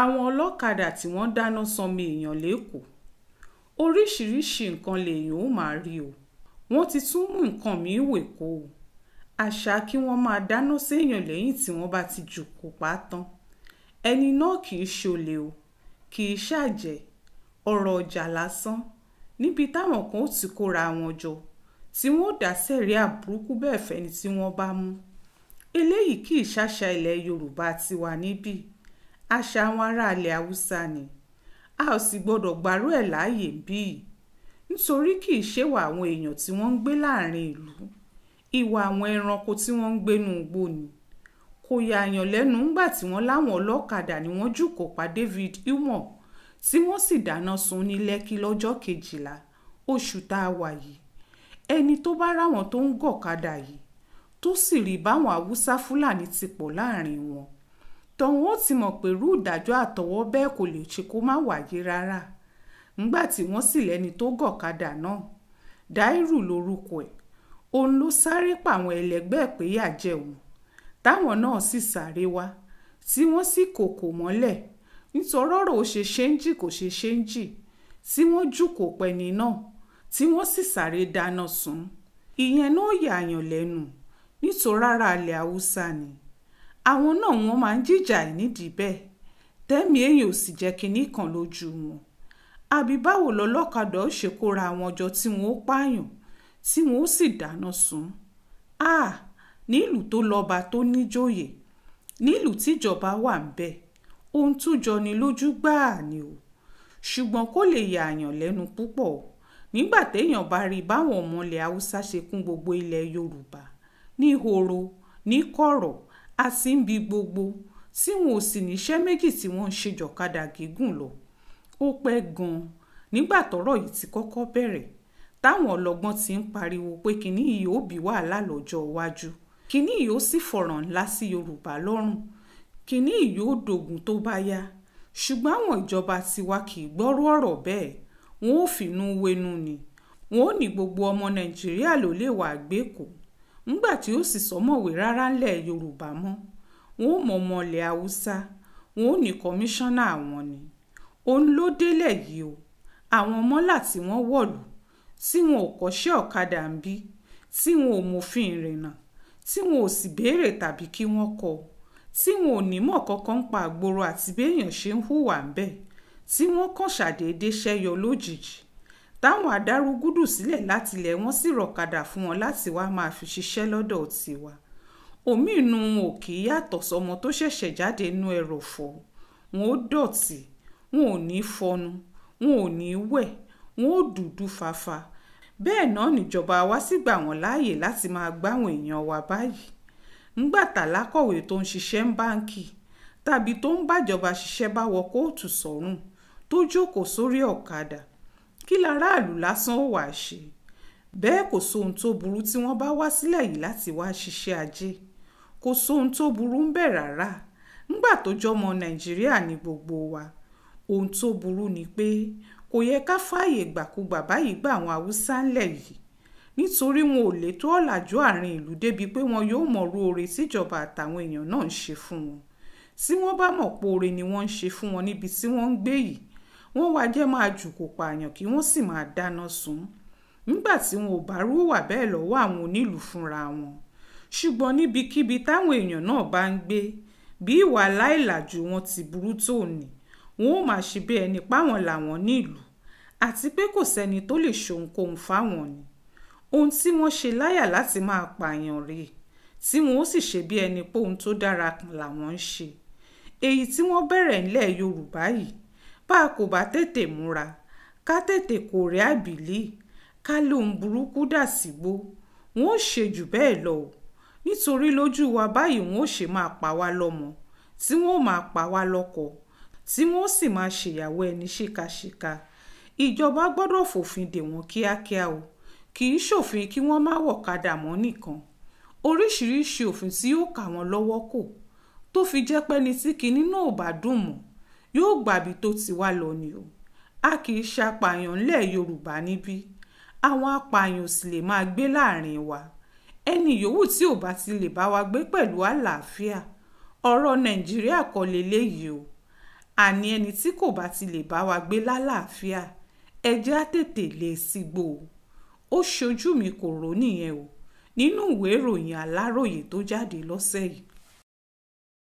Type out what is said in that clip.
àwọn ọlọ́kadà tí wọ́n dáná sanmi èèyàn lẹ́kọ̀ọ́ oríṣiríṣiì nǹkan lèèyàn ó máa rí o wọ́n ti tún mú nǹkan míín wèkó o àṣà kí wọ́n máa dáná séèyàn lẹ́yìn tí wọ́n bá ti jù kó pa tán ẹni náà kì í ṣolè o kì í ṣàjẹ́ ọ̀rọ̀ ọjà lásán níbi táwọn kan ó ti kóra wọn jọ tí wọ́n dá sẹ̀ríà burúkú bẹ́ẹ̀ fẹ́ni tí wọ́n bá mú eléyìí kì í ṣàṣà ilẹ̀ yorùbá tiwa níbí àṣà àwọn ará ilẹ̀ haúsá ni a ò sì gbọdọ̀ gbárù ẹ̀ láàyè bíi nítorí kì í ṣèwà àwọn èèyàn tí wọ́n ń gbé láàrin ìlú ìwà àwọn ẹranko tí wọ́n ń gbénu igbó ni kò yààyàn lẹ́nu ńgbà tí wọ́n láwọn ọlọ́kadà ni wọ́n jùkọ̀ pa David Umo tí wọ́n sì dáná sun ní Lẹ́kí lọ́jọ́ kejìlá oṣù tá a wà yìí ẹni tó bá ráwọn tó ń gọ̀kadà yìí tó sì rí báwọn haúsá fúlàní ti pọ̀ láàrin wọn tọ̀hún ó ti mọ̀ pé irú ìdájọ́ àtọwọ́ bẹ́ẹ̀ kò lè ṣe kó má wáyé rárá ńgbà tí wọ́n sì lẹ́ni tó gọ̀kadà náà dáírù lorúkọ ẹ̀ òun ló sáré pa àwọn ẹlẹgbẹ́ pé yà jẹ òun táwọn náà sì sáré wá tí wọ́n sì kòkò mọ́lẹ̀ nítorí ọ̀rọ̀ ó ṣe ṣéńjì kò ṣe ṣéńjì tí wọ́n jùkòó pẹni náà tí wọ́n sì sáré dáná sun ìyẹn náà yà àyàn lẹ́nu nítorí ara haúsá ni àwọn náà wọ́n máa ń jìjà nídìí bẹ́ẹ̀ tẹ́mi èèyàn ò sì jẹ́ kinní kan lójú wọn àbí báwo lọ́lọ́kadà ó ṣe kóra àwọn jọ tí wọ́n ó pààyàn tí wọ́n ó sì dáná sun a nílùú tó lọ́ba tó níjòyè nílùú tíjọba wà ń bẹ̀ ohun tó jọni lójú gbáà ni o ṣùgbọ́n kó lè yààyàn lẹ́nu púpọ̀ nígbà téèyàn bá rí báwọn ọmọ ilẹ̀ haúsá ṣe kún gbogbo ilẹ̀ yorùbá ní horo ní kọ̀rọ̀ àti ń bi gbogbo tí wọn ò sì níṣẹ́ méjì tí wọ́n ń ṣe jọ̀kadà gígùn lọ ó pẹ́ gan-an nígbà tọ́rọ̀ yìí ti kọ́kọ́ bẹ̀rẹ̀ táwọn ọlọ́gbọ́n ti ń pariwo pé kinní yìí ó bí wàhálà lọ́jọ́ iwájú kinní yìí ó sì fọ̀ràn ńlá sí Yorùbá lọ́rùn kinní yìí ó dògùn tó bá yá ṣùgbọ́n àwọn ìjọba tiwa kì í gbọ́rú ọ̀rọ̀ bẹ́ẹ̀ wọn ò fìnnú wẹnu ni wọn ò ní gbogbo ọmọ Nàìjíríà ló lè wà gbẹ́kọ̀ọ́ ńgbà tí ó sì sọ̀mọ̀wé rárá ńlẹ̀ yorùbá mọ́ wọn ò mọ̀ ọmọ ilẹ̀ haúsá wọn ò ní kọmíṣánná ni òun ló délẹ̀ yìí o àwọn mọ́là lati wọ́n wọ̀lú tí wọn ò kọ́ṣẹ́ ọ̀kadà ń bí tí wọn mo mòfin ìrìnnà tí wọn ò sì béèrè tàbí kí wọ́n kọ́ tí wọn ò nímọ̀ kankan ń pa àgbòrò àti béèyàn ṣe ń hùwà ń bẹ̀ tí wọ́n kàn ṣàdédé ṣẹ́yọ táwọn adárúgúdù sílẹ̀ látilẹ̀ wọ́n sì rọ̀kadà fún wọn láti wá máa fi ṣiṣẹ́ lọ́dọ̀ tiwa omi inú ò kì í yàtọ̀ sọmọ tó ṣẹ̀ṣẹ̀ jáde inú ẹrọ̀fọ̀ wọn ò dọ̀tí wọn ò ní fọnu wọn ò ní wẹ̀ wọn ò dúdú fafa bẹ́ẹ̀ náà níjọba wa sì gbà wọ́n láàyè láti máa gbáwọn èèyàn wa báyìí ńgbà tàlákọ̀wé tó ń ṣiṣẹ́ ń báǹkì tàbí tó ń bàjọba ṣiṣẹ́ bá wọ kóòtù sọ́rùn tó jókòó sórí ọ̀kadà kí laraàlú lásán ó wàá ṣe bẹ́ẹ̀ kò sóhun tó burú tí wọ́n bá wá sílẹ̀ yìí láti wá ṣiṣẹ́ ajé kò sóhun tó burú ń bẹ̀ rárá ńgbà tó jọmọ nàìjíríà ní gbogbo wa ohun tó burú ni pé kò yẹ ká fààyè gbàkúgbà báyìí gba àwọn haúsá ńlẹ̀ yìí nítorí wọn ò létò ọ̀làjú àárín ìlú débi pé wọn yóò mọ̀rú oore tíjọba àtàwọn èèyàn náà ń ṣe fún wọn tí wọ́n bá mọ̀ pé oore ni wọ́n ń ṣe fún wọn níbi tí wọ́n ń gbé yìí wọ́n wá jẹ́ máa jùkò pààyàn kí wọ́n sì máa dáná sun nígbà tí wọn ò bá rúwà bẹ́ẹ̀ lọ́wọ́ àwọn onílùú fúnra wọn ṣùgbọ́n níbikíbi táwọn èèyàn náà bá ń gbé bí ìwà láìlàjú wọn ti burú tó ní wọn ò máa ṣe bí ẹni páwọn làwọn nílùú àti pé kò sẹ́ni tó lè ṣohunkóhun fáwọn ni ohun tí wọ́n ṣe láyà láti máa pààyàn rèé tí wọn ó sì ṣe bí ẹni pé ohun tó dára làwọn ń ṣe èyí tí wọ́n bẹ̀rẹ̀ nílẹ̀ Yorùbá yìí bá a kò bá tètè múra ká tètè kórè àbílí ká lóun burúkú dà sígbó wọn ò ṣe jù bẹ́ẹ̀ lọ o nítorí lójú wa báyìí wọn ò ṣe máa pa wá lọ́mọ tí wọn ò máa pa wá lọ́kọ tí wọn ò sì máa ṣèyàwó ẹni ṣíkaṣíka ìjọba gbọ́dọ̀ fòfin dè wọ́n kíákíá o kì í ṣòfin kí wọ́n má wọ̀kadà mọ́ nìkan oríṣiríṣi òfin tí yóò kà wọ́n lọ́wọ́ kò tó fi jẹ́ pẹ́ni tí kinní náà ò bá dùn mọ́ yóò gbàbí tó ti wá lọ ni o a kì í ṣàpàyàn ńlẹ̀ yorùbá níbí àwọn apààyàn sì lè máa gbé láàrin wa ẹni yòówù tí ò bá ti lè bá wa gbé pẹ̀lú àlàáfíà ọ̀rọ̀ nàìjíríà kọ́ leléyìí o àní ẹni tí kò bá ti lè bá wa gbé lálàáfíà ẹ á tètè lè sígbó o ó ṣojú mi kò rò nìyẹn o nínú ìwé ìròyìn aláròye tó jáde lọ́sẹ̀ yìí